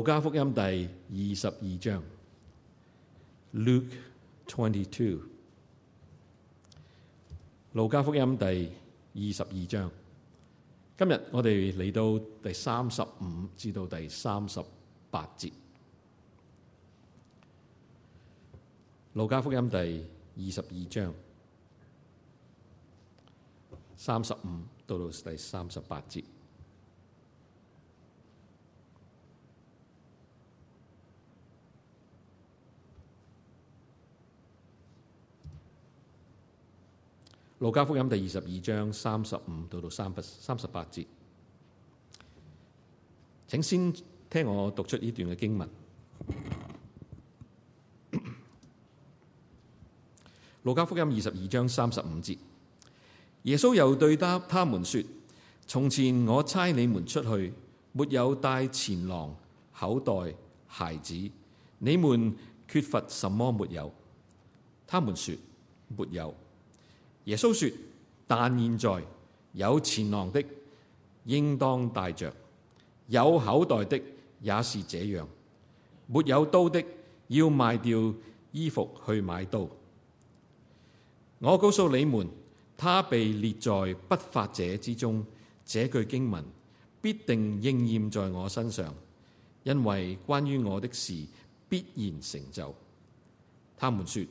路加福音第二十二章。Luke twenty two。路加福音第二十二章，今日我哋嚟到第三十五至到第三十八節。路加福音第二十二章，三十五到到第三十八節。路加福音第二十二章三十五到三十八節，請先聽我讀出呢段嘅經文。路加福音二十二章三十五節，耶穌又對答他們說：從前我差你們出去，沒有帶錢囊、口袋、鞋子，你們缺乏什麼沒有？他們說：沒有。耶穌說：但現在有錢囊的，應當帶着；有口袋的也是這樣。沒有刀的，要賣掉衣服去買刀。我告訴你們，他被列在不法者之中。這句經文必定應驗在我身上，因為關於我的事必然成就。他們說：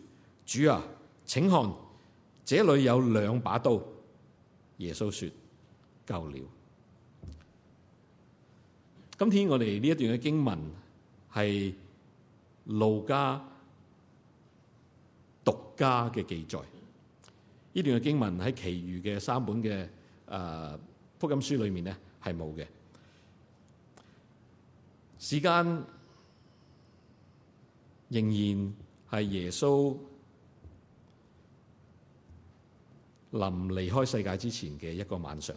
主啊，請看！這裏有兩把刀，耶穌說：夠了。今天我哋呢一段嘅經文係路加獨家嘅記載，呢段嘅經文喺其餘嘅三本嘅誒、啊、福音書裏面咧係冇嘅。時間仍然係耶穌。臨離開世界之前嘅一個晚上，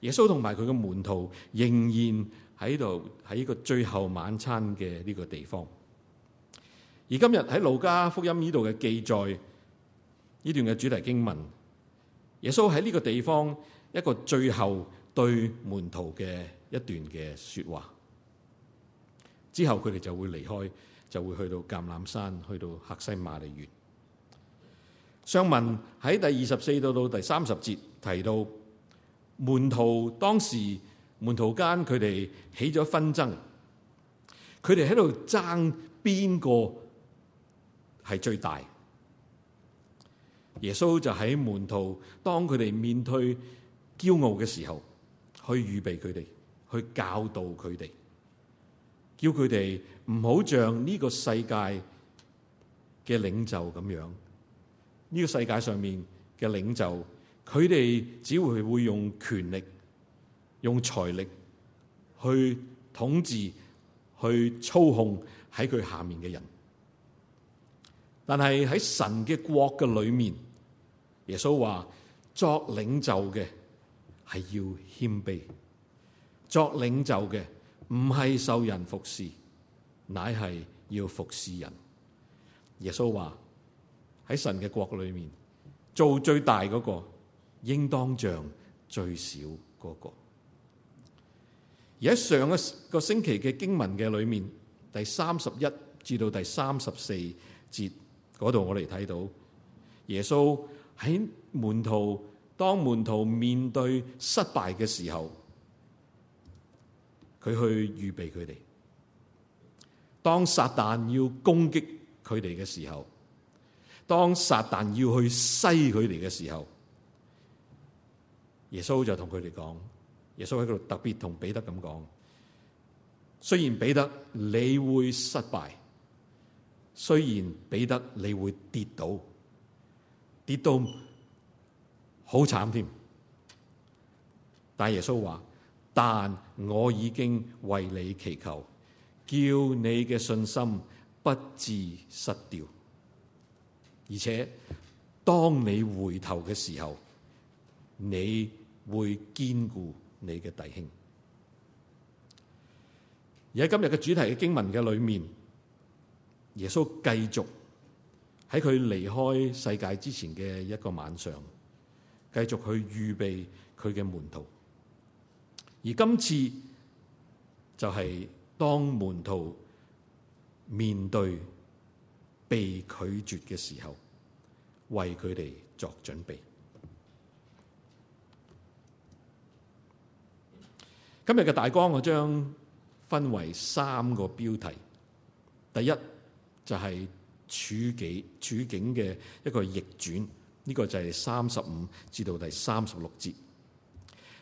耶穌同埋佢嘅門徒仍然喺度，喺呢個最後晚餐嘅呢個地方。而今日喺路加福音呢度嘅記載呢段嘅主題經文，耶穌喺呢個地方一個最後對門徒嘅一段嘅說話之後，佢哋就會離開，就會去到橄欖山，去到客西馬尼園。上文喺第二十四到到第三十節，提到門徒當時，門徒間佢哋起咗紛爭，佢哋喺度爭邊個係最大。耶穌就喺門徒當佢哋面對驕傲嘅時候，去預備佢哋，去教導佢哋，叫佢哋唔好像呢個世界嘅領袖咁樣。呢個世界上面嘅領袖，佢哋只會會用權力、用財力去統治、去操控喺佢下面嘅人。但係喺神嘅國嘅裏面，耶穌話作領袖嘅係要謙卑，作領袖嘅唔係受人服侍，乃係要服侍人。耶穌話。喺神嘅國裏面，做最大嗰個，應當像最小嗰個。而喺上個個星期嘅經文嘅裏面，第三十一至到第三十四節嗰度，那裡我哋睇到耶穌喺門徒，當門徒面對失敗嘅時候，佢去預備佢哋。當撒旦要攻擊佢哋嘅時候，當撒旦要去西佢哋嘅時候，耶穌就同佢哋講：耶穌喺度特別同彼得咁講，雖然彼得你會失敗，雖然彼得你會跌倒，跌到好慘添，但耶穌話：但我已經為你祈求，叫你嘅信心不致失掉。而且，當你回頭嘅時候，你會堅固你嘅弟兄。而喺今日嘅主題嘅經文嘅裏面，耶穌繼續喺佢離開世界之前嘅一個晚上，繼續去預備佢嘅門徒。而今次就係當門徒面對被拒絕嘅時候，為佢哋作準備。今日嘅大綱我將分為三個標題。第一就係、是、處境處境嘅一個逆轉，呢、這個就係三十五至到第三十六節。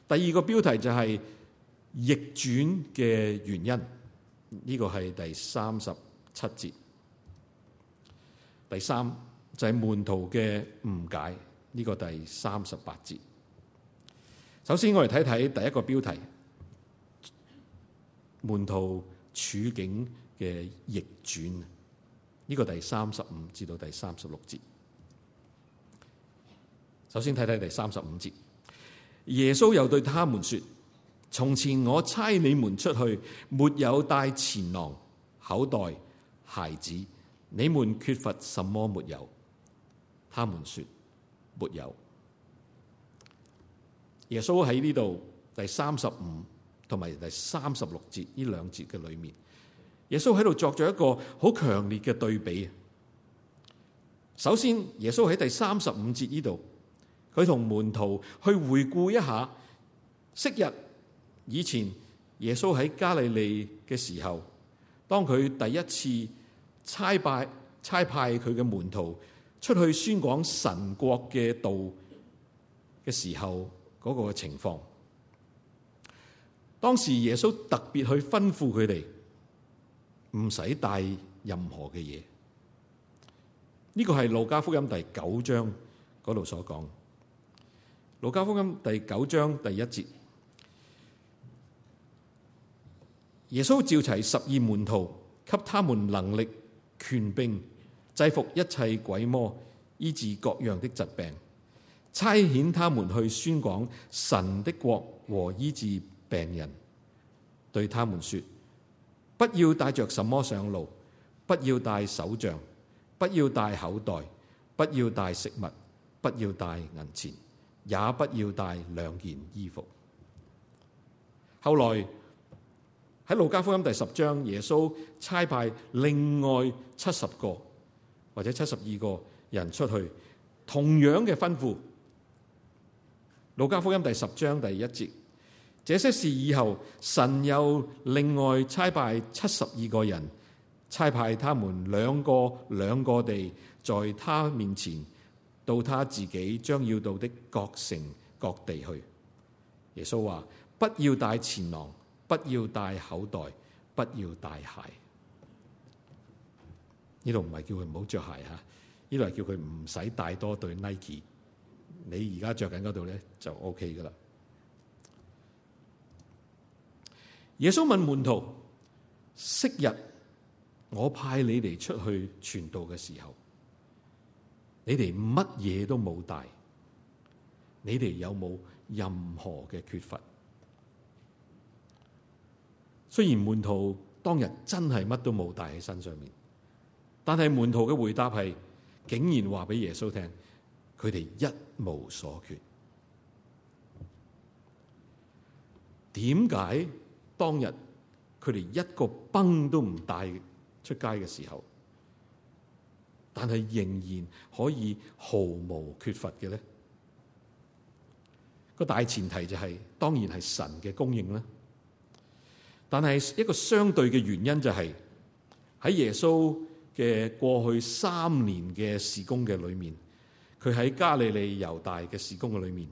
第二個標題就係逆轉嘅原因，呢、這個係第三十七節。第三就係門徒嘅誤解，呢個第三十八節。首先我哋睇睇第一個標題，門徒處境嘅逆轉，呢個第三十五至到第三十六節。首先睇睇第三十五節，耶穌又對他們說：從前我差你們出去，沒有帶錢囊、口袋、鞋子。你們缺乏什麼沒有？他們說沒有。耶穌喺呢度第三十五同埋第三十六節呢兩節嘅裏面，耶穌喺度作咗一個好強烈嘅對比。首先，耶穌喺第三十五節呢度，佢同門徒去回顧一下昔日以前耶穌喺加利利嘅時候，當佢第一次。差派差派佢嘅門徒出去宣講神國嘅道嘅時候，嗰個情況，當時耶穌特別去吩咐佢哋唔使帶任何嘅嘢。呢個係路加福音第九章嗰度所講。路加福音第九章第一節，耶穌召齊十二門徒，給他們能力。權柄制服一切鬼魔，醫治各樣的疾病。差遣他們去宣講神的國和醫治病人，對他們說：不要帶着什麼上路，不要帶手杖，不要帶口袋，不要帶食物，不要帶銀錢，也不要帶兩件衣服。後來。喺路加福音第十章，耶穌差派另外七十個或者七十二個人出去，同樣嘅吩咐。路加福音第十章第一節，這些事以後，神又另外差派七十二個人，差派他們兩個兩個地在他面前，到他自己將要到的各城各地去。耶穌話：不要帶錢囊。不要帶口袋，不要帶鞋。呢度唔係叫佢唔好着鞋吓，呢度係叫佢唔使帶多對 Nike。你而家着緊嗰度咧就 OK 噶啦。耶穌問門徒：昔日我派你哋出去傳道嘅時候，你哋乜嘢都冇帶，你哋有冇任何嘅缺乏？雖然門徒當日真係乜都冇帶喺身上面，但係門徒嘅回答係，竟然話俾耶穌聽，佢哋一無所缺。點解當日佢哋一個鏰都唔帶出街嘅時候，但係仍然可以毫無缺乏嘅咧？個大前提就係、是，當然係神嘅供應啦。但係一個相對嘅原因就係、是、喺耶穌嘅過去三年嘅事工嘅裏面，佢喺加利利猶大嘅事工嘅裏面，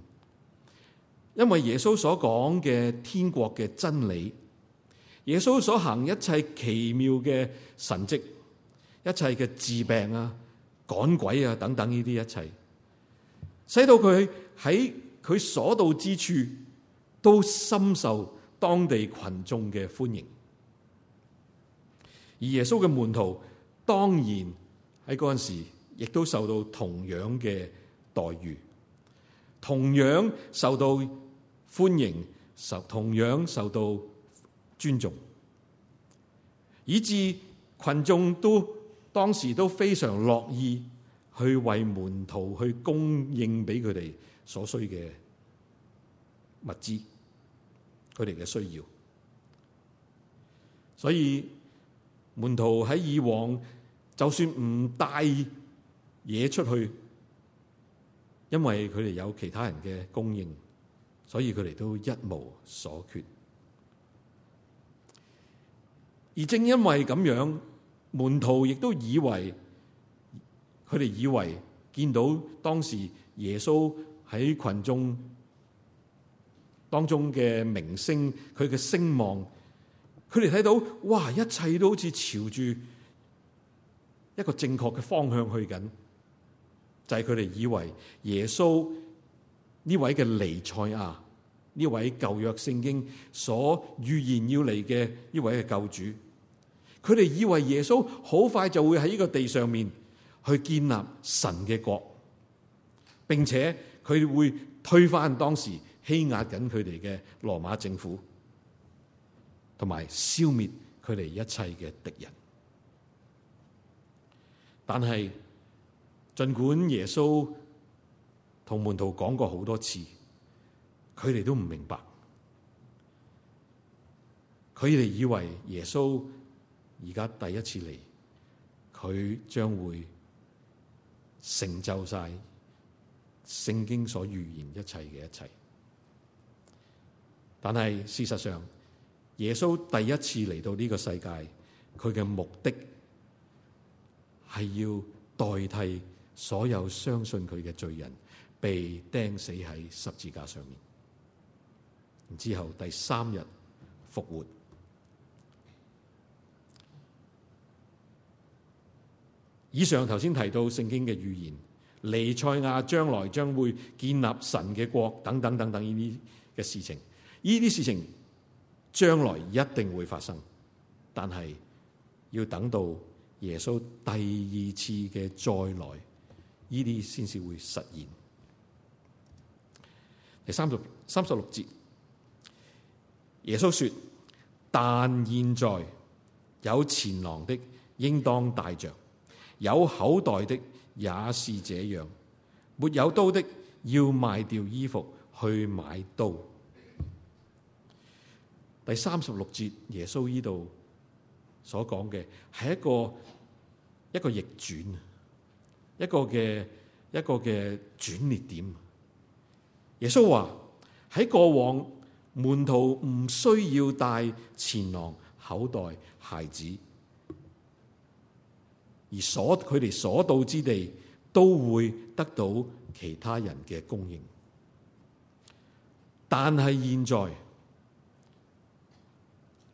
因為耶穌所講嘅天國嘅真理，耶穌所行一切奇妙嘅神蹟，一切嘅治病啊、趕鬼啊等等呢啲一切，使到佢喺佢所到之處都深受。當地群眾嘅歡迎，而耶穌嘅門徒當然喺嗰陣時，亦都受到同樣嘅待遇，同樣受到歡迎，受同樣受到尊重，以至群眾都當時都非常樂意去為門徒去供應俾佢哋所需嘅物資。佢哋嘅需要，所以門徒喺以往就算唔帶嘢出去，因為佢哋有其他人嘅供應，所以佢哋都一無所缺。而正因為咁樣，門徒亦都以為，佢哋以為見到當時耶穌喺群眾。當中嘅明星，佢嘅聲望，佢哋睇到，哇！一切都好似朝住一個正確嘅方向去緊，就係佢哋以為耶穌呢位嘅彌賽亞，呢位舊約聖經所預言要嚟嘅呢位嘅救主，佢哋以為耶穌好快就會喺呢個地上面去建立神嘅國，並且佢會推翻當時。欺壓緊佢哋嘅羅馬政府，同埋消滅佢哋一切嘅敵人。但係，儘管耶穌同門徒講過好多次，佢哋都唔明白。佢哋以為耶穌而家第一次嚟，佢將會成就晒聖經所預言一切嘅一切。但係事實上，耶穌第一次嚟到呢個世界，佢嘅目的係要代替所有相信佢嘅罪人被釘死喺十字架上面，然之後第三日復活。以上頭先提到聖經嘅預言，彌賽亞將來將會建立神嘅國，等等等等呢啲嘅事情。呢啲事情將來一定會發生，但係要等到耶穌第二次嘅再來，呢啲先至會實現。第三十六三十六節，耶穌說：但現在有錢囊的，應當帶着；有口袋的，也是這樣；沒有刀的，要賣掉衣服去買刀。第三十六節，耶穌呢度所講嘅係一個一個逆轉，一個嘅一個嘅轉捩點。耶穌話喺過往門徒唔需要帶錢囊、口袋、鞋子，而所佢哋所到之地都會得到其他人嘅供應，但係現在。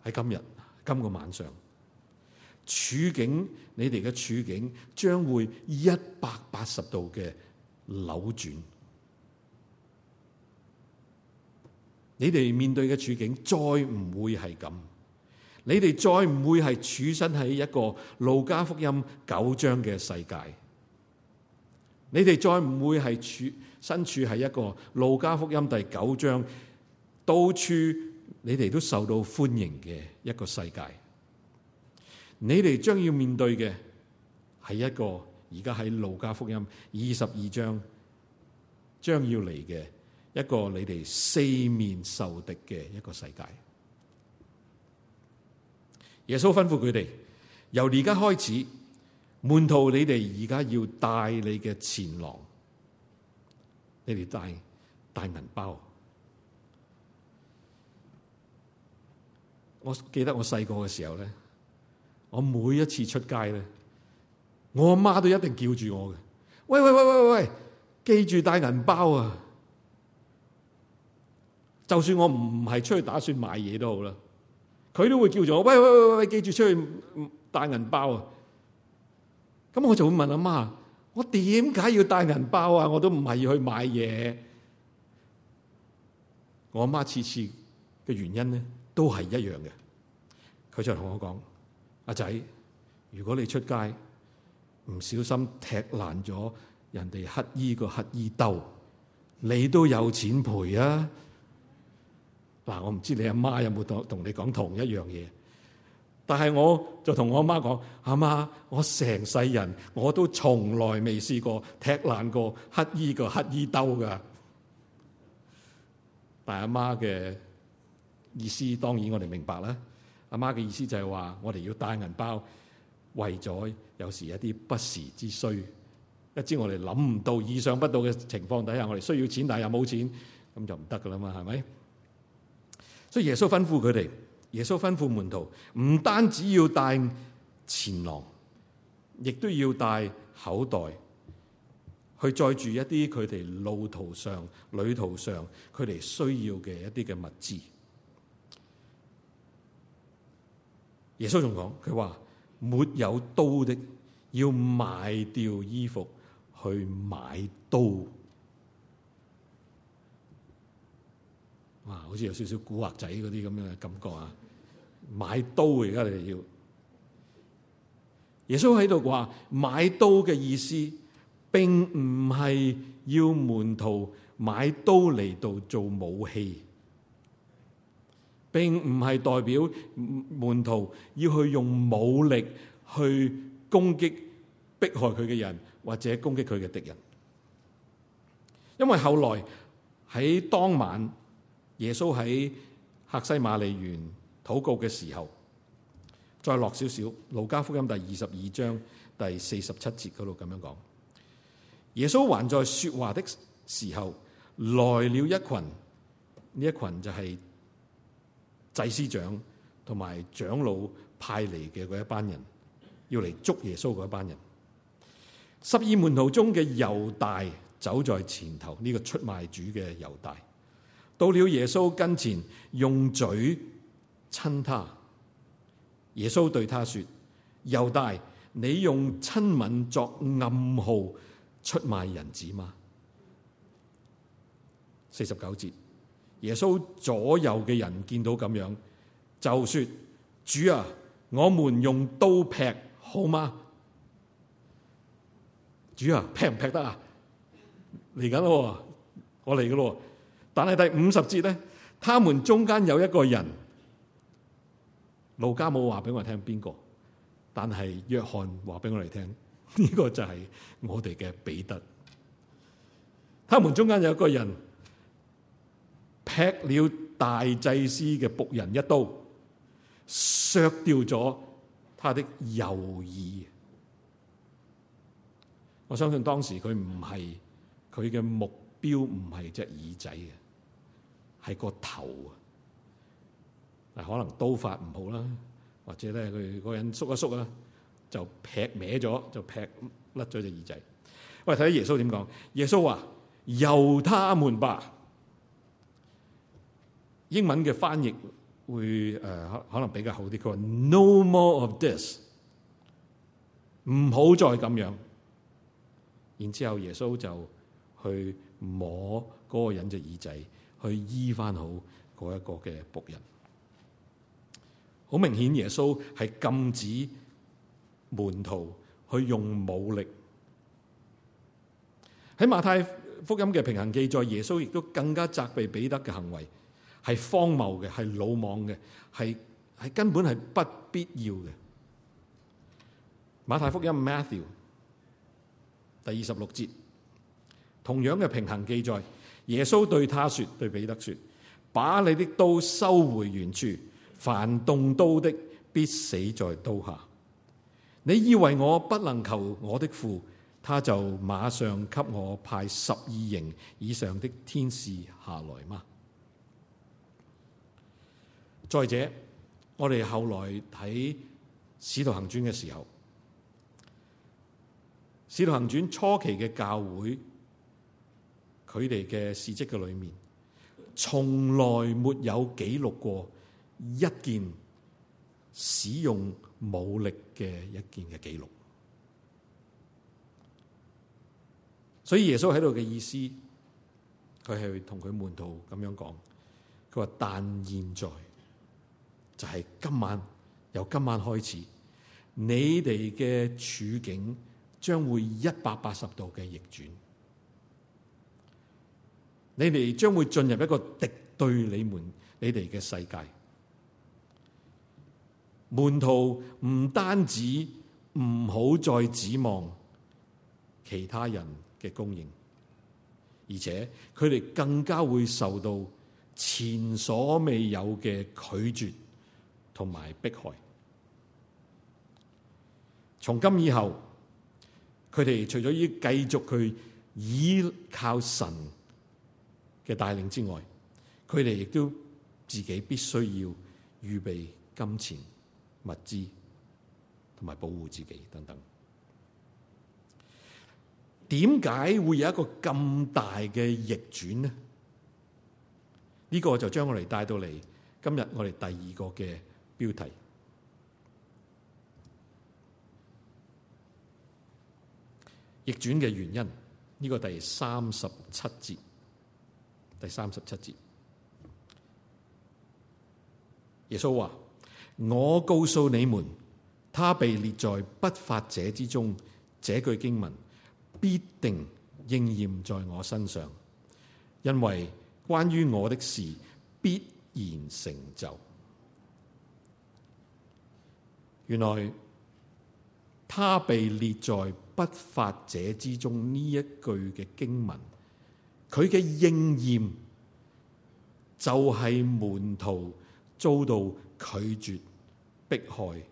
喺今日今個晚上，處境，你哋嘅處境將會一百八十度嘅扭轉。你哋面對嘅處境再唔會係咁，你哋再唔會係處身喺一個路加福音九章嘅世界。你哋再唔會係處身處喺一個路加福音第九章到處。你哋都受到歡迎嘅一個世界，你哋將要面對嘅係一個而家喺路加福音二十二章將要嚟嘅一個你哋四面受敵嘅一個世界。耶穌吩咐佢哋，由而家開始，門徒你哋而家要帶你嘅錢囊，你哋帶帶銀包。我記得我細個嘅時候咧，我每一次出街咧，我阿媽都一定叫住我嘅，喂喂喂喂喂，記住帶銀包啊！就算我唔係出去打算買嘢都好啦，佢都會叫住我，喂喂喂喂，記住出去帶銀包啊！咁我就會問阿媽，我點解要帶銀包啊？我都唔係要去買嘢，我阿媽次次嘅原因咧。都係一樣嘅，佢就同我講：阿仔，如果你出街唔小心踢爛咗人哋乞衣個乞衣兜，你都有錢賠啊！嗱，我唔知你阿媽有冇同同你講同一樣嘢，但係我就同我阿媽講：阿媽，我成世人我都從來未試過踢爛過乞衣個乞衣兜噶。大阿媽嘅。意思當然我哋明白啦。阿媽嘅意思就係話，我哋要帶銀包，為咗有時一啲不時之需，一知我哋諗唔到、意想不到嘅情況底下，我哋需要錢，但係又冇錢，咁就唔得㗎喇嘛，係咪？所以耶穌吩咐佢哋，耶穌吩咐門徒，唔單止要帶錢囊，亦都要帶口袋，去載住一啲佢哋路途上、旅途上佢哋需要嘅一啲嘅物資。耶穌仲講，佢話沒有刀的要賣掉衣服去買刀。哇，好似有少少古惑仔嗰啲咁樣嘅感覺啊！買刀而家你哋要，耶穌喺度話買刀嘅意思，並唔係要門徒買刀嚟到做武器。並唔係代表門徒要去用武力去攻擊迫害佢嘅人，或者攻擊佢嘅敵人，因為後來喺當晚耶穌喺客西馬尼園禱告嘅時候，再落少少《路加福音》第二十二章第四十七節嗰度咁樣講，耶穌還在説話的時候，來了一群。」呢一群就係、是。祭司長同埋長老派嚟嘅嗰一班人，要嚟捉耶穌嗰一班人。十二門徒中嘅猶大走在前頭，呢個出賣主嘅猶大，到了耶穌跟前，用嘴親他。耶穌對他說：猶大，你用親吻作暗號出賣人子嗎？四十九節。耶穌左右嘅人見到咁樣，就說：主啊，我們用刀劈好嗎？主啊，劈唔劈得啊？嚟緊咯，我嚟嘅咯。但係第五十節咧，他們中間有一個人，路加冇話俾我聽邊個，但係約翰話俾我哋聽，呢個就係我哋嘅彼得。他們中間有一個人。劈了大祭司嘅僕人一刀，削掉咗他的右耳。我相信當時佢唔係佢嘅目標，唔係隻耳仔嘅，係個頭啊！嗱，可能刀法唔好啦，或者咧佢個人縮一縮啦，就劈歪咗，就劈甩咗隻耳仔。喂，睇下耶穌點講？耶穌話、啊：由他們吧。英文嘅翻譯會誒可、呃、可能比較好啲。佢話 No more of this，唔好再咁樣。然之後耶穌就去摸嗰個人隻耳仔，去醫翻好嗰一個嘅僕人。好明顯耶穌係禁止門徒去用武力。喺馬太福音嘅平行記載，耶穌亦都更加責備彼得嘅行為。係荒謬嘅，係魯莽嘅，係係根本係不必要嘅。馬太福音 Matthew 第二十六節，同樣嘅平行記載，耶穌對他說：對彼得說，把你的刀收回原處，凡動刀的，必死在刀下。你以為我不能求我的父，他就馬上給我派十二營以上的天使下來嗎？再者，我哋後來睇《使徒行傳》嘅時候，《使徒行傳》初期嘅教會，佢哋嘅事跡嘅裏面，從來沒有記錄過一件使用武力嘅一件嘅記錄。所以耶穌喺度嘅意思，佢係同佢門徒咁樣講，佢話但現在。就係今晚，由今晚開始，你哋嘅處境將會一百八十度嘅逆轉。你哋將會進入一個敵對你們、你哋嘅世界。門徒唔單止唔好再指望其他人嘅供應，而且佢哋更加會受到前所未有嘅拒絕。同埋迫害，從今以後，佢哋除咗要繼續去倚靠神嘅帶領之外，佢哋亦都自己必須要預備金錢、物資，同埋保護自己等等。點解會有一個咁大嘅逆轉呢？呢個就將我哋帶到嚟今日我哋第二個嘅。標題逆轉嘅原因呢、這個第三十七節，第三十七節，耶穌話：我告訴你們，他被列在不法者之中，這句經文必定應驗在我身上，因為關於我的事必然成就。原來，他被列在不法者之中呢一句嘅經文，佢嘅應驗就係門徒遭到拒絕、迫害、處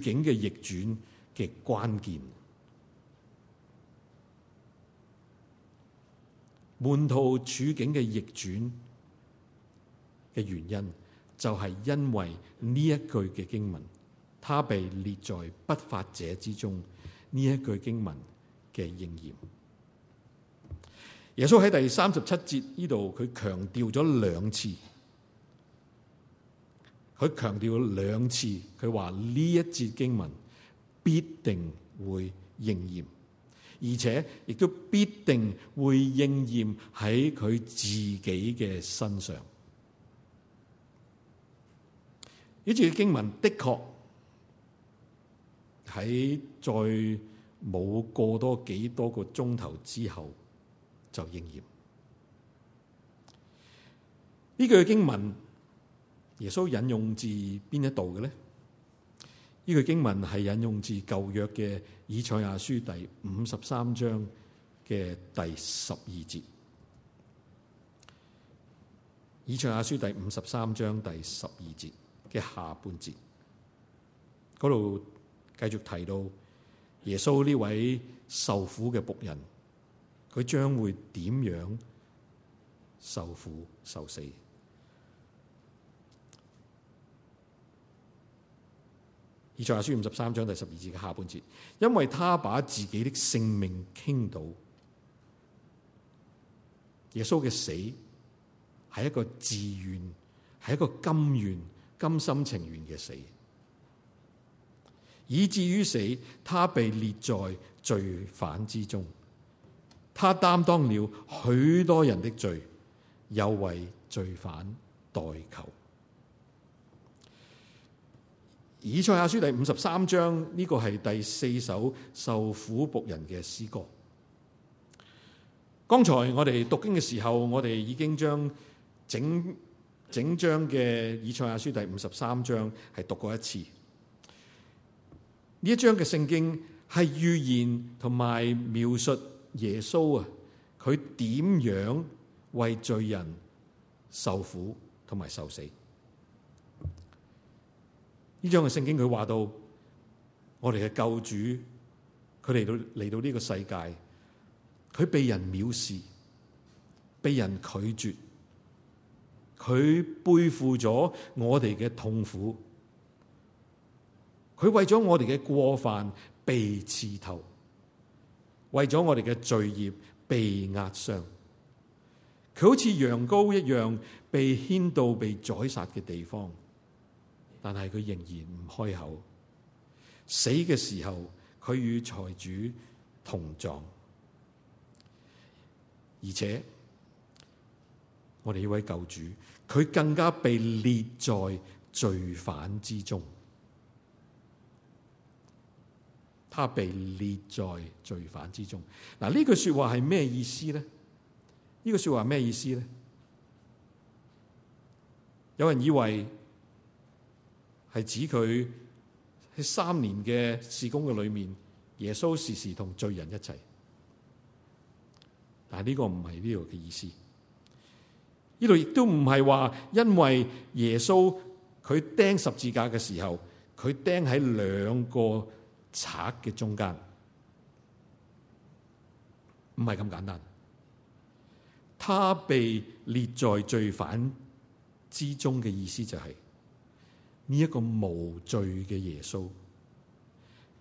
境嘅逆轉嘅關鍵，門徒處境嘅逆轉嘅原因。就係因為呢一句嘅經文，他被列在不法者之中。呢一句經文嘅應驗，耶穌喺第三十七節呢度，佢強調咗兩次。佢強調咗兩次，佢話呢一節經文必定會應驗，而且亦都必定會應驗喺佢自己嘅身上。呢句經文的確喺再冇過多幾多個鐘頭之後就應驗。呢句經文，耶穌引用自邊一度嘅咧？呢句經文係引用自舊約嘅以賽亞書第五十三章嘅第十二節。以賽亞書第五十三章第十二節。嘅下半節，嗰度繼續提到耶穌呢位受苦嘅僕人，佢將會點樣受苦受死？以賽亞書五十三章第十二節嘅下半節，因為他把自己的性命傾倒，耶穌嘅死係一個自願，係一個甘願。甘心情願嘅死，以至於死，他被列在罪犯之中。他擔當了許多人的罪，又為罪犯代求。以賽亞書第五十三章呢個係第四首受苦僕人嘅詩歌。剛才我哋讀經嘅時候，我哋已經將整。整章嘅以賽亞書第五十三章係讀過一次，呢一章嘅聖經係預言同埋描述耶穌啊，佢點樣為罪人受苦同埋受死。呢章嘅聖經佢話到，我哋嘅救主佢嚟到嚟到呢個世界，佢被人藐視，被人拒絕。佢背負咗我哋嘅痛苦，佢為咗我哋嘅過犯被刺透，為咗我哋嘅罪孽被壓傷。佢好似羊羔一樣被牽到被宰殺嘅地方，但係佢仍然唔開口。死嘅時候，佢與財主同葬，而且，我哋呢位救主，佢更加被列在罪犯之中，他被列在罪犯之中。嗱，呢句說話係咩意思咧？呢個說話係咩意思咧？有人以為係指佢喺三年嘅事工嘅裏面，耶穌時時同罪人一齊。但係呢個唔係呢個嘅意思。呢度亦都唔係話，因為耶穌佢釘十字架嘅時候，佢釘喺兩個賊嘅中間，唔係咁簡單。他被列在罪犯之中嘅意思就係呢一個無罪嘅耶穌，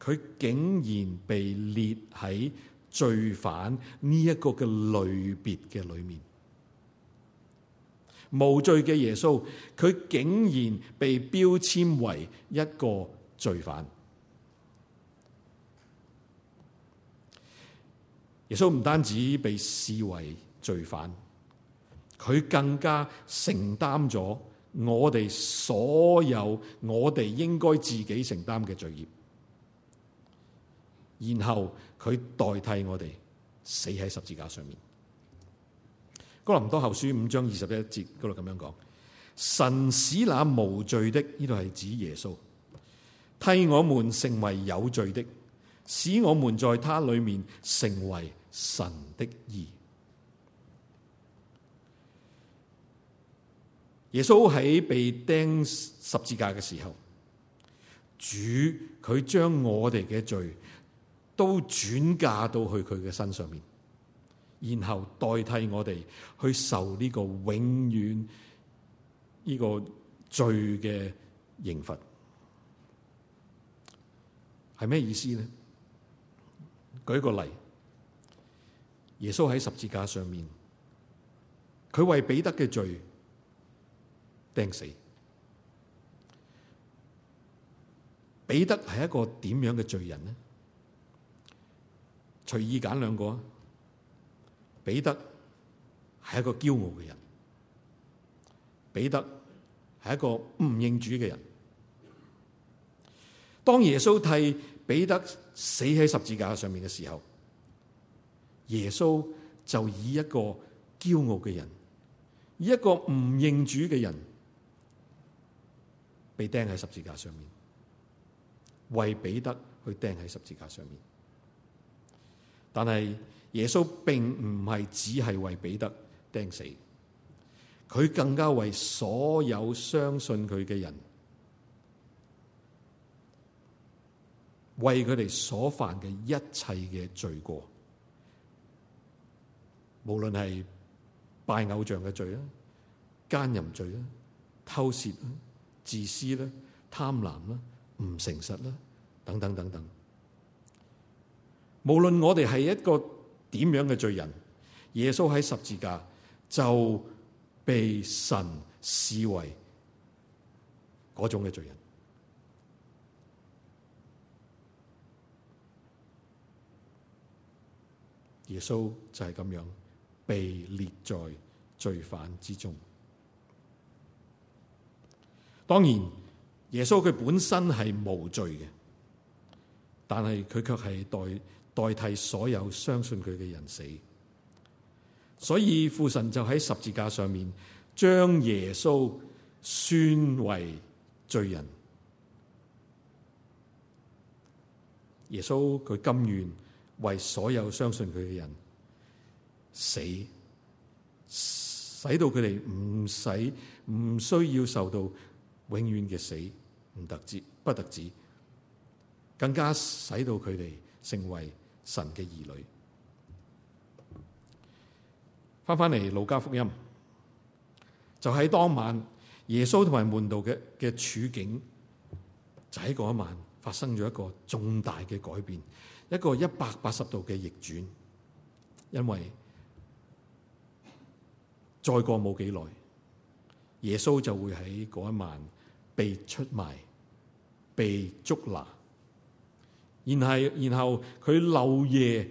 佢竟然被列喺罪犯呢一個嘅類別嘅裏面。無罪嘅耶穌，佢竟然被標籤為一個罪犯。耶穌唔單止被視為罪犯，佢更加承擔咗我哋所有我哋應該自己承擔嘅罪孽，然後佢代替我哋死喺十字架上面。哥林多後書五章二十一節嗰度咁樣講：神使那無罪的，呢度係指耶穌，替我們成為有罪的，使我們在他裏面成為神的義。耶穌喺被釘十字架嘅時候，主佢將我哋嘅罪都轉嫁到去佢嘅身上面。然後代替我哋去受呢個永遠呢個罪嘅刑罰，係咩意思呢？舉個例，耶穌喺十字架上面，佢為彼得嘅罪釘死。彼得係一個點樣嘅罪人呢？隨意揀兩個。彼得係一個驕傲嘅人，彼得係一個唔認主嘅人。當耶穌替彼得死喺十字架上面嘅時候，耶穌就以一個驕傲嘅人，以一個唔認主嘅人，被釘喺十字架上面，為彼得去釘喺十字架上面，但係。耶穌並唔係只係為彼得釘死，佢更加為所有相信佢嘅人，為佢哋所犯嘅一切嘅罪過，無論係拜偶像嘅罪啦、奸淫罪啦、偷竊啦、自私咧、貪婪啦、唔誠實啦，等等等等。無論我哋係一個。點樣嘅罪人？耶穌喺十字架就被神視為嗰種嘅罪人。耶穌就係咁樣被列在罪犯之中。當然，耶穌佢本身係無罪嘅，但係佢卻係代。代替所有相信佢嘅人死，所以父神就喺十字架上面將耶穌宣為罪人。耶穌佢甘願為所有相信佢嘅人死，使到佢哋唔使唔需要受到永遠嘅死，唔得止不得止，更加使到佢哋成為。神嘅兒女，翻返嚟路加福音，就喺當晚，耶穌同埋門徒嘅嘅處境，就喺嗰一晚發生咗一個重大嘅改變，一個一百八十度嘅逆轉，因為再過冇幾耐，耶穌就會喺嗰一晚被出賣、被捉拿。然係，然後佢漏夜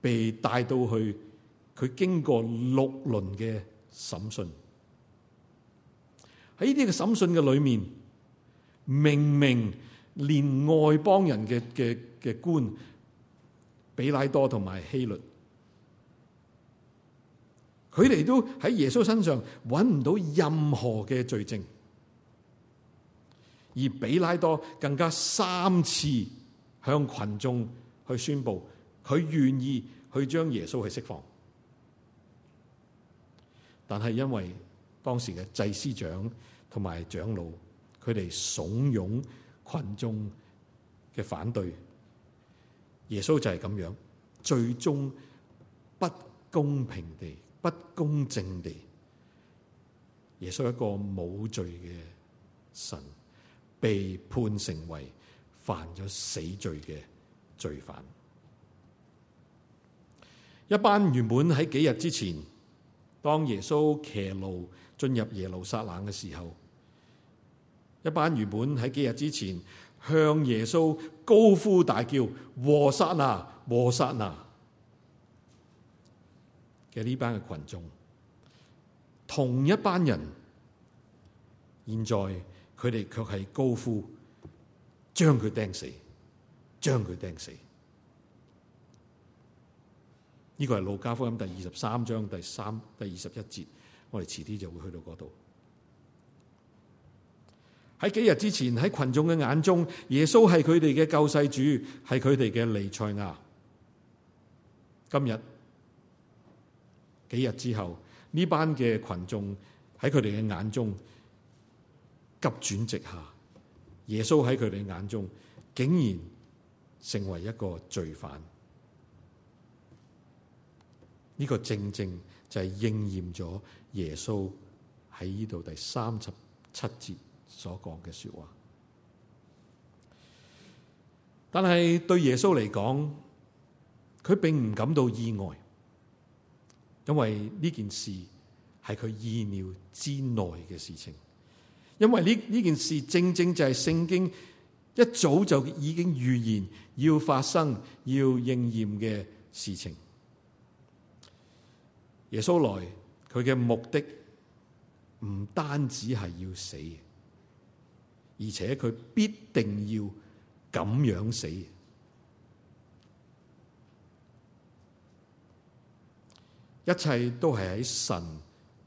被帶到去，佢經過六輪嘅審訊。喺呢啲嘅審訊嘅裏面，明明連外邦人嘅嘅嘅官比拉多同埋希律，佢哋都喺耶穌身上揾唔到任何嘅罪證，而比拉多更加三次。向群眾去宣佈，佢願意去將耶穌去釋放，但係因為當時嘅祭司長同埋長老，佢哋慫恿群眾嘅反對，耶穌就係咁樣，最終不公平地，不公正地，耶穌一個冇罪嘅神，被判成為。犯咗死罪嘅罪犯，一班原本喺幾日之前，當耶穌騎驢進入耶路撒冷嘅時候，一班原本喺幾日之前向耶穌高呼大叫和撒那和撒那嘅呢班嘅群眾，同一班人，現在佢哋卻係高呼。將佢釘死，將佢釘死。呢、這個係路加福音第二十三章第三第二十一節，我哋遲啲就會去到嗰度。喺幾日之前，喺群眾嘅眼中，耶穌係佢哋嘅救世主，係佢哋嘅彌賽亞。今日幾日之後，呢班嘅群眾喺佢哋嘅眼中急轉直下。耶穌喺佢哋眼中竟然成為一個罪犯，呢個正正就係應驗咗耶穌喺呢度第三十七節所講嘅說話。但係對耶穌嚟講，佢並唔感到意外，因為呢件事係佢意料之內嘅事情。因為呢，呢件事正正就係聖經一早就已經預言要發生，要應驗嘅事情。耶穌來，佢嘅目的唔單止係要死，而且佢必定要咁樣死。一切都係喺神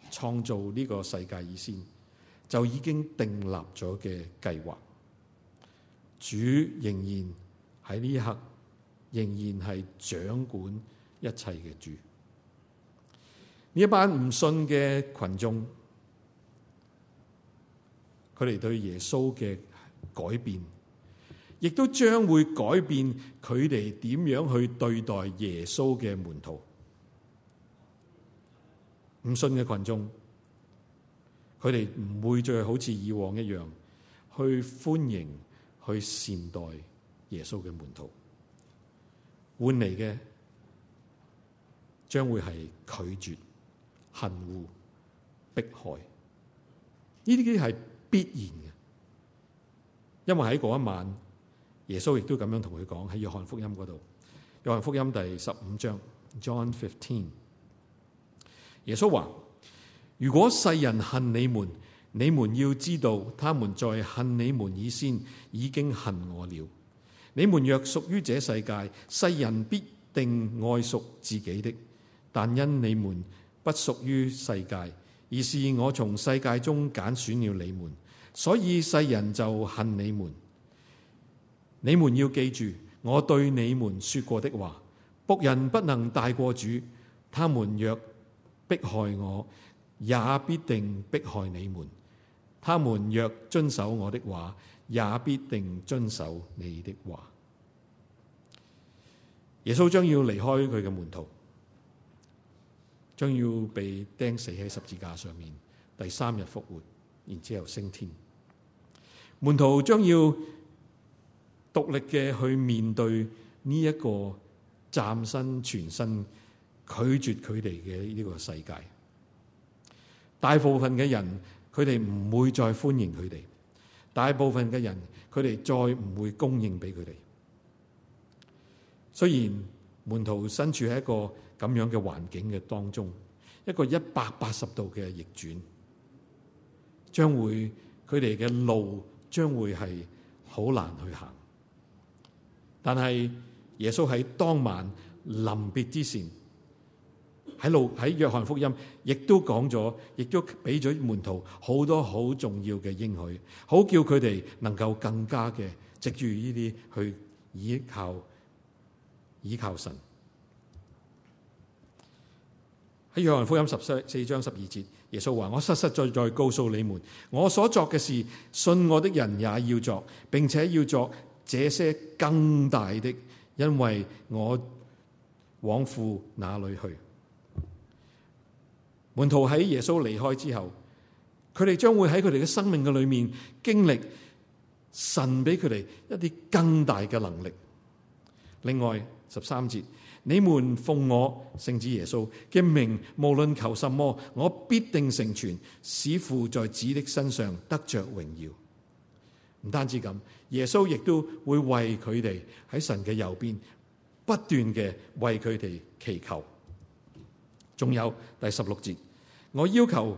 創造呢個世界以先。就已經訂立咗嘅計劃，主仍然喺呢刻，仍然係掌管一切嘅主。呢一班唔信嘅群眾，佢哋對耶穌嘅改變，亦都將會改變佢哋點樣去對待耶穌嘅門徒。唔信嘅群眾。佢哋唔會再好似以往一樣去歡迎、去善待耶穌嘅門徒，換嚟嘅將會係拒絕、恨惡、迫害，呢啲嘅係必然嘅。因為喺嗰一晚，耶穌亦都咁樣同佢講，喺約翰福音嗰度，約翰福音第十五章 （John 15），耶穌話。如果世人恨你們，你們要知道，他們在恨你們以先已經恨我了。你們若屬於這世界，世人必定愛屬自己的；但因你們不屬於世界，而是我從世界中揀選了你們，所以世人就恨你們。你們要記住我對你們說過的話：僕人不能大過主。他們若逼害我。也必定迫害你們，他們若遵守我的話，也必定遵守你的話。耶穌將要離開佢嘅門徒，將要被釘死喺十字架上面，第三日復活，然之後升天。門徒將要獨力嘅去面對呢一個站身全身拒絕佢哋嘅呢個世界。大部分嘅人，佢哋唔會再歡迎佢哋；大部分嘅人，佢哋再唔會供應俾佢哋。雖然門徒身處喺一個咁樣嘅環境嘅當中，一個一百八十度嘅逆轉，將會佢哋嘅路將會係好難去行。但係耶穌喺當晚臨別之前。喺路喺約翰福音也了，亦都講咗，亦都俾咗門徒好多好重要嘅應許，好叫佢哋能夠更加嘅藉住呢啲去倚靠倚靠神。喺約翰福音十四,四章十二節，耶穌話：我實實在在告訴你們，我所作嘅事，信我的人也要作，並且要作這些更大的，因為我往父那裏去。門徒喺耶穌離開之後，佢哋將會喺佢哋嘅生命嘅裏面經歷神俾佢哋一啲更大嘅能力。另外十三節，你們奉我聖子耶穌嘅名，無論求什麼，我必定成全，使父在子的身上得着榮耀。唔單止咁，耶穌亦都會為佢哋喺神嘅右邊不斷嘅為佢哋祈求。仲有第十六節，我要求，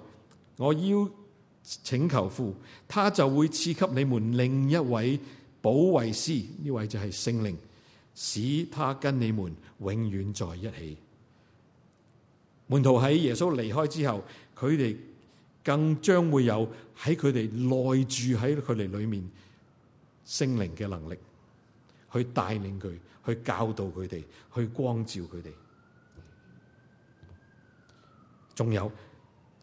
我要請求父，他就會賜給你們另一位保惠師，呢位就係聖靈，使他跟你們永遠在一起。門徒喺耶穌離開之後，佢哋更將會有喺佢哋內住喺佢哋裏面聖靈嘅能力，去帶領佢，去教導佢哋，去光照佢哋。仲有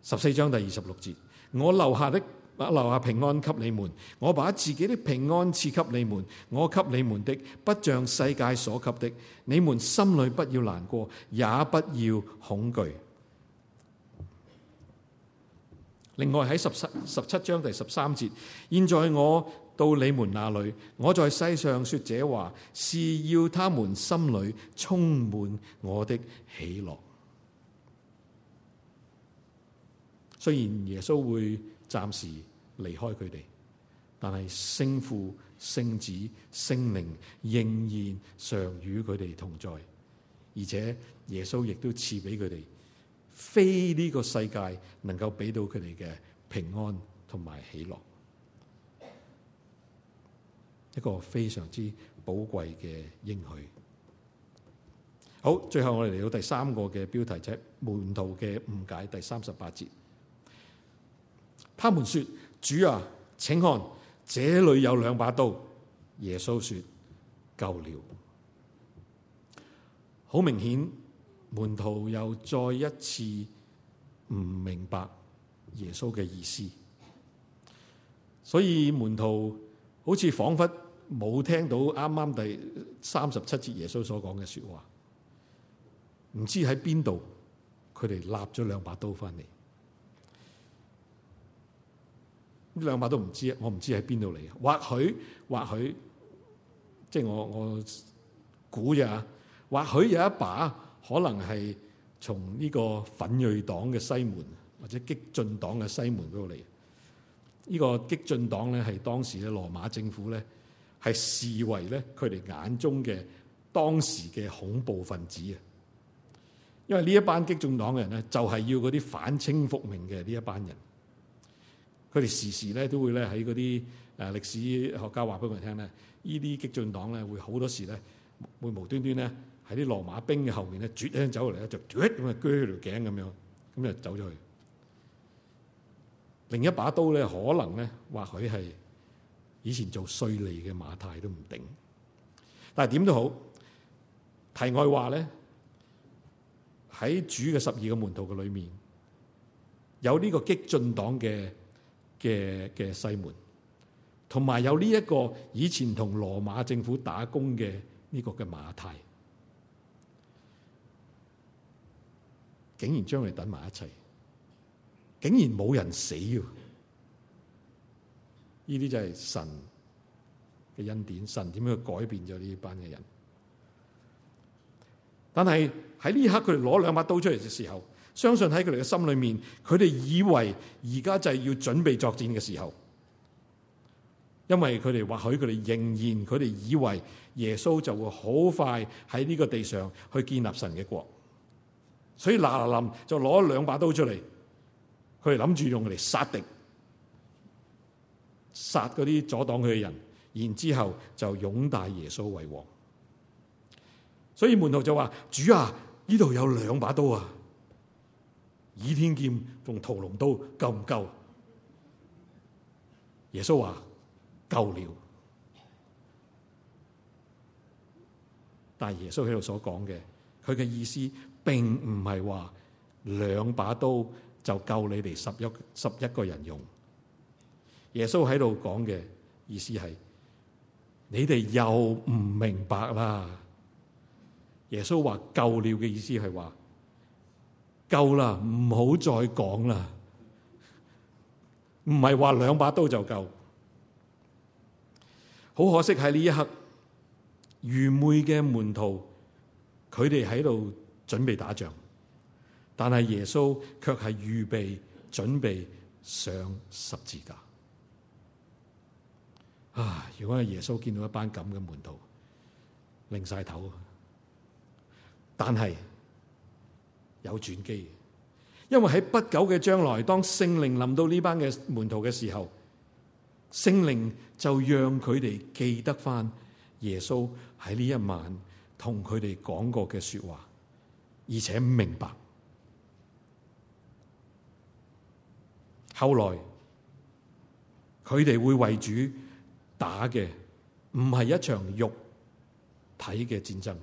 十四章第二十六節，我留下的留下平安給你們，我把自己的平安賜給你們，我給你們的不像世界所給的，你們心裏不要難過，也不要恐懼。另外喺十七十七章第十三節，現在我到你們那裏，我在世上說這話，是要他們心裏充滿我的喜樂。雖然耶穌會暫時離開佢哋，但係聖父、聖子、聖靈仍然常與佢哋同在，而且耶穌亦都賜俾佢哋非呢個世界能夠俾到佢哋嘅平安同埋喜樂，一個非常之寶貴嘅應許。好，最後我哋嚟到第三個嘅標題，就係「門徒嘅誤解」，第三十八節。他們說：主啊，請看，這裏有兩把刀。耶穌說：夠了。好明顯，門徒又再一次唔明白耶穌嘅意思，所以門徒好似仿佛冇聽到啱啱第三十七節耶穌所講嘅說話，唔知喺邊度，佢哋攞咗兩把刀翻嚟。呢兩把都唔知，我唔知喺邊度嚟。或許，或許，即係我我估啫。或許有一把可能係從呢個奮銳黨嘅西門，或者激進黨嘅西門嗰度嚟。呢、呢個激進黨咧，係當時嘅羅馬政府咧，係視為咧佢哋眼中嘅當時嘅恐怖分子啊！因為呢一班激進黨嘅人咧，就係要嗰啲反清復明嘅呢一班人。佢哋時時咧都會咧喺嗰啲誒歷史學家話俾我哋聽咧，呢啲激進黨咧會好多時咧會無端端咧喺啲羅馬兵嘅後面咧，絕咧走嚟咧就咁啊鋸條頸咁樣，咁就走咗去。另一把刀咧，可能咧或許係以前做稅吏嘅馬太都唔定。但係點都好，題外話咧，喺主嘅十二個門徒嘅裏面，有呢個激進黨嘅。嘅嘅西門，同埋有呢一個以前同羅馬政府打工嘅呢個嘅馬太，竟然將佢哋等埋一齊，竟然冇人死。呢啲就係神嘅恩典，神點樣去改變咗呢班嘅人？但係喺呢一刻佢哋攞兩把刀出嚟嘅時候，相信喺佢哋嘅心裏面，佢哋以為而家就係要準備作戰嘅時候，因為佢哋或許佢哋仍然佢哋以為耶穌就會好快喺呢個地上去建立神嘅國，所以嗱嗱臨就攞兩把刀出嚟，佢哋諗住用嚟殺敵，殺嗰啲阻擋佢嘅人，然之後就擁戴耶穌為王。所以門徒就話：主啊，呢度有兩把刀啊！倚天劍同屠龍刀夠唔夠？耶穌話夠了，但係耶穌喺度所講嘅，佢嘅意思並唔係話兩把刀就夠你哋十一十一個人用。耶穌喺度講嘅意思係，你哋又唔明白啦。耶穌話夠了嘅意思係話。夠啦，唔好再講啦。唔係話兩把刀就夠。好可惜喺呢一刻，愚昧嘅門徒，佢哋喺度準備打仗，但係耶穌卻係預備準備上十字架。啊！如果係耶穌見到一班咁嘅門徒，擰晒頭啊！但係。有轉機，因為喺不久嘅將來，當聖靈臨到呢班嘅門徒嘅時候，聖靈就讓佢哋記得翻耶穌喺呢一晚同佢哋講過嘅說話，而且唔明白。後來佢哋會為主打嘅，唔係一場肉體嘅戰爭，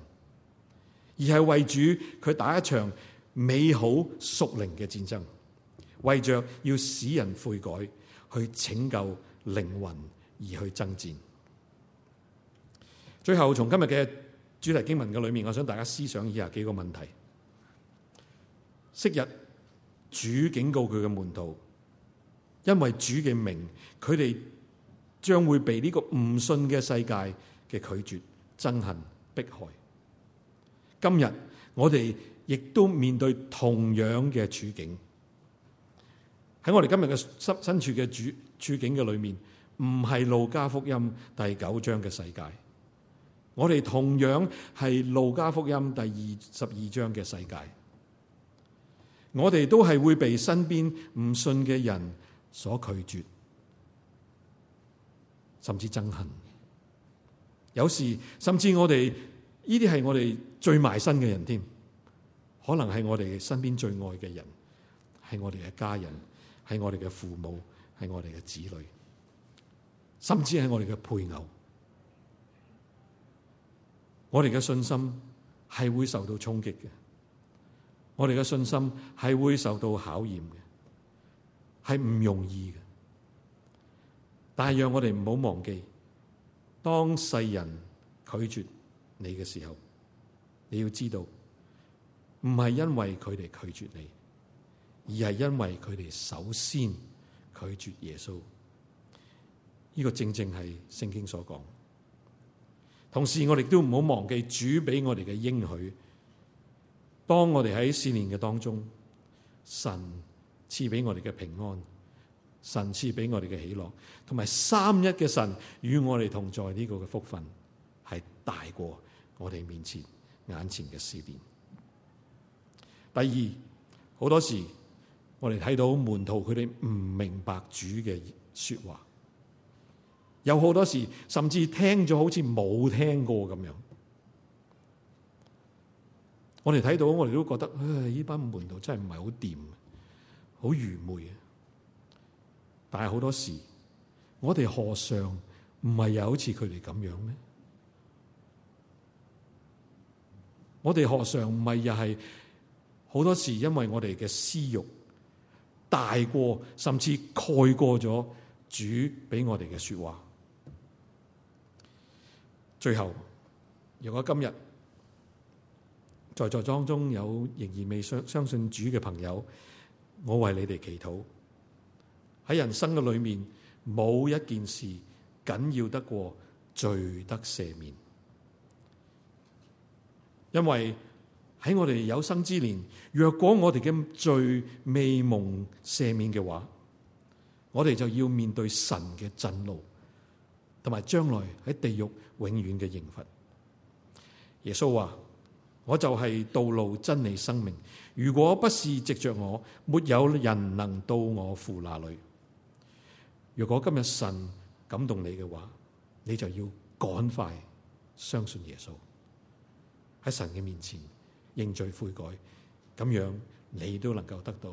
而係為主佢打一場。美好屬靈嘅戰爭，為着要使人悔改，去拯救靈魂而去爭戰。最後，從今日嘅主題經文嘅裏面，我想大家思想以下幾個問題。昔日主警告佢嘅門徒，因為主嘅名，佢哋將會被呢個唔信嘅世界嘅拒絕、憎恨、迫害。今日我哋，亦都面對同樣嘅處境，喺我哋今日嘅身處嘅處處境嘅裏面，唔係路加福音第九章嘅世界，我哋同樣係路加福音第二十二章嘅世界，我哋都係會被身邊唔信嘅人所拒絕，甚至憎恨，有時甚至我哋呢啲係我哋最埋身嘅人添。可能係我哋身邊最愛嘅人，係我哋嘅家人，係我哋嘅父母，係我哋嘅子女，甚至係我哋嘅配偶。我哋嘅信心係會受到衝擊嘅，我哋嘅信心係會受到考驗嘅，係唔容易嘅。但係讓我哋唔好忘記，當世人拒絕你嘅時候，你要知道。唔係因為佢哋拒絕你，而係因為佢哋首先拒絕耶穌。呢個正正係聖經所講。同時，我哋都唔好忘記主俾我哋嘅應許，當我哋喺試煉嘅當中，神賜俾我哋嘅平安，神賜俾我哋嘅喜樂，同埋三一嘅神與我哋同在呢個嘅福分係大過我哋面前眼前嘅試煉。第二，好多時我哋睇到門徒佢哋唔明白主嘅說話，有好多時甚至聽咗好似冇聽過咁樣。我哋睇到我哋都覺得，唉，呢班門徒真係唔係好掂，好愚昧。但係好多時，我哋何嘗唔係又好似佢哋咁樣咩？我哋何嘗唔係又係？好多時，因為我哋嘅私欲大過，甚至蓋過咗主俾我哋嘅說話。最後，如果今日在座當中有仍然未相相信主嘅朋友，我為你哋祈禱。喺人生嘅裏面，冇一件事緊要得過罪得赦免，因為。喺我哋有生之年，若果我哋嘅罪未蒙赦免嘅話，我哋就要面對神嘅震怒，同埋將來喺地獄永遠嘅刑罰。耶穌話：我就係道路、真理、生命。如果不是藉着我，沒有人能到我父那裏。如果今日神感動你嘅話，你就要趕快相信耶穌。喺神嘅面前。認罪悔改，咁樣你都能夠得到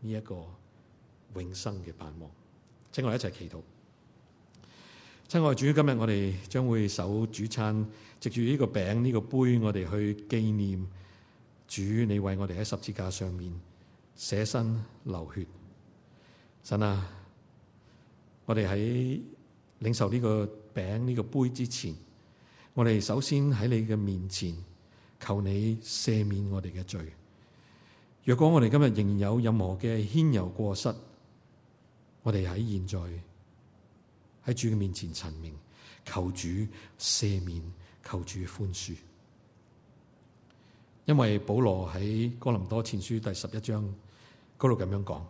呢一個永生嘅盼望。請我哋一齊祈禱。親愛主，今日我哋將會守主餐，藉住呢個餅、呢、呢個杯，我哋去紀念主，你為我哋喺十字架上面捨身流血。神啊，我哋喺領受呢個餅、呢、呢個杯之前，我哋首先喺你嘅面前，求你赦免我哋嘅罪。若果我哋今日仍然有任何嘅牽游過失，我哋喺現在喺主嘅面前陳明，求主赦免，求主寬恕。因為保羅喺哥林多前書第十一章嗰度咁樣講，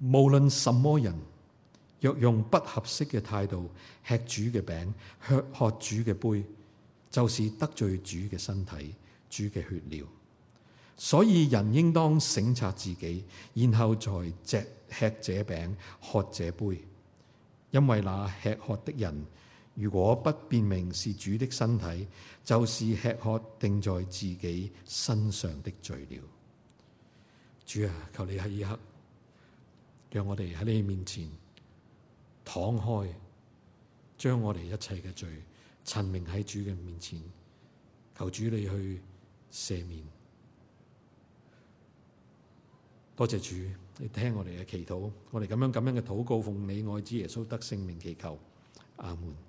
無論什麼人，若用不合適嘅態度吃主嘅餅、喝，喝主嘅杯。就是得罪主嘅身體、主嘅血了，所以人應當省察自己，然後再這吃這餅、喝這杯，因為那吃喝的人，如果不辨明是主的身體，就是吃喝定在自己身上的罪了。主啊，求你喺呢刻，讓我哋喺你面前躺開，將我哋一切嘅罪。陳明喺主嘅面前，求主你去赦免。多謝主，你聽我哋嘅祈禱，我哋咁樣咁樣嘅禱告奉你愛子耶穌得聖名祈求，阿門。